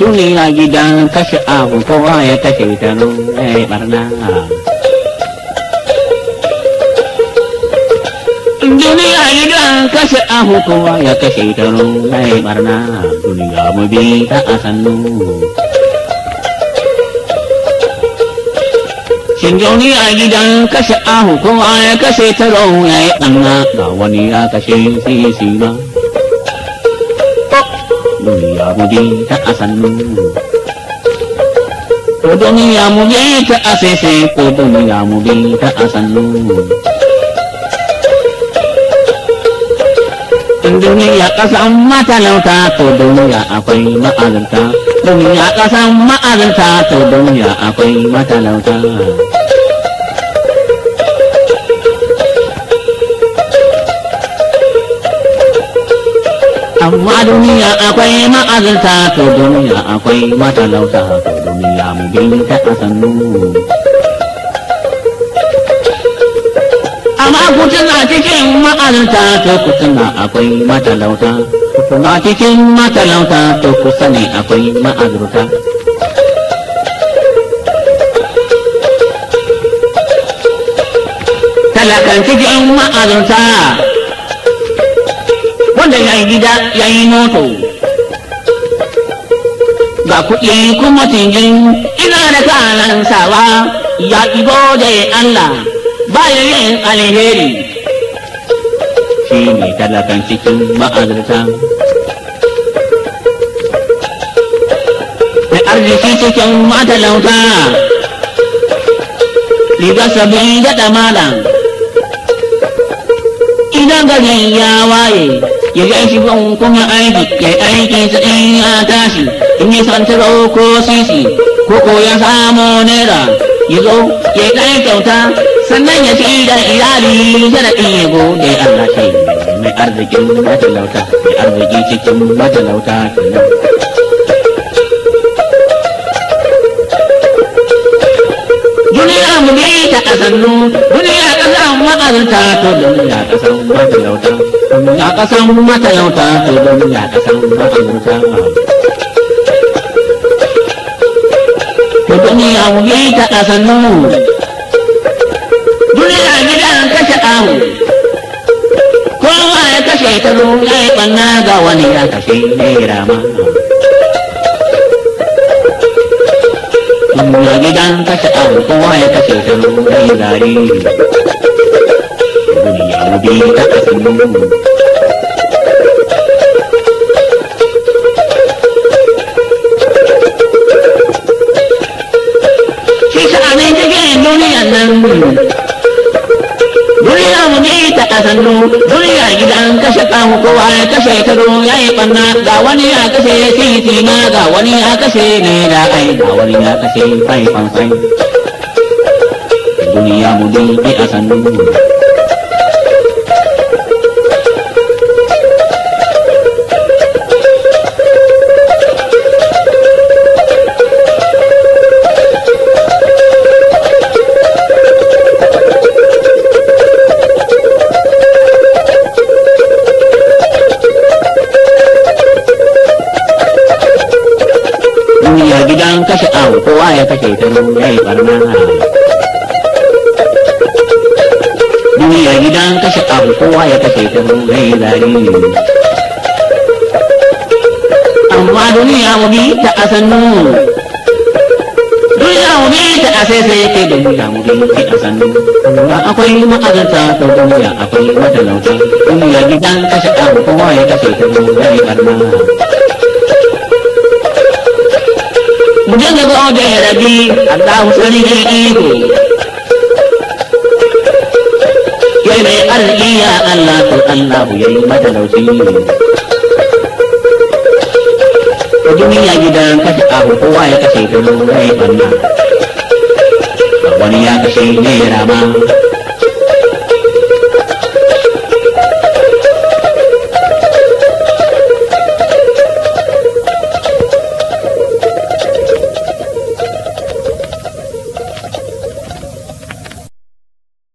duniya dan kashe abu kowa ya kashe ta nan zai barna duniya dan kashe abu kowa ya kashe ta nan zai barna duniya mu bi ta a sannu shin duniya gidan kashe ahu kowa ya kashe ta rau ya yi ɗanna ga wani ya kashe sai ya duniya mu je ta a sannu ko duniya mu je ta a sese ko duniya mu je ta a sannu duniya kasan matalauta ko duniya akwai ma'azinta duniya kasan ma'azinta ko duniya akwai matalauta amma duniya akwai ma'azarta to duniya akwai matalauta to duniya mu binta ta a sannu amma kutuna cikin ma'azarta to kutuna akwai matalauta kutuna cikin matalauta to ku ne akwai ma'azarta talakan cikin ma'azarta wanda ya yi gida ya yi moto ga kuɗi kuma tingin ina da kalan sawa ya ibo da Allah ba ya yi alheri shi ne talakan cikin ma'azarta mai arziki cikin matalauta riga sabbin da malam idan gari ya waye ya ji shi ban kuma aiki ya aiki sa in a tashi in ya san taro ko sisi ko ko ya samu naira ya zo ya yi ɗan kyauta sannan ya ci da iyali sharaɗi ya go da ya Allah kai mai arzikin matalauta mai arziki cikin matalauta kenan. Duniya mu bi ta kasannu, duniya ƙasa ma'azarta to duniya ƙasa matalauta. a ƙasan matalauta kalmomi a ƙasan matalauta ba mutumi a wuyi ta ƙasan nuhu duniya gidan kashe ƙahu kowa ya kashe ta duniya ya ɓanna ga wani ya kashe gobe ta tafi duniyan nan duniya mu ne ta kasannu duniya gidan kashe kamu kowa ya kashe karo ya yi banna ga wani ya kashe titi ma ga wani ya kashe ne da ai ga wani ya kashe fai fai fai duniya mu dai a sannu gidan kashe awo kowa ya kashe ta ya yi barna duniya gidan kashe awo kowa ya kashe ta ya yi zari amma duniya mu bi ta a duniya mu bi ta asese sai da duniya mu bi ta asannu amma akwai ma'azarta ta duniya akwai matalauta duniya gidan kashe awo kowa ya kashe ta ya yi barna mu dinga zo da rabi Allah sarki iko yai mai arziki Allah to Allah ya yi matalauci ko duniya gidan kashe abu kowa ya kashe dubu rai wannan wani ya kashe naira ma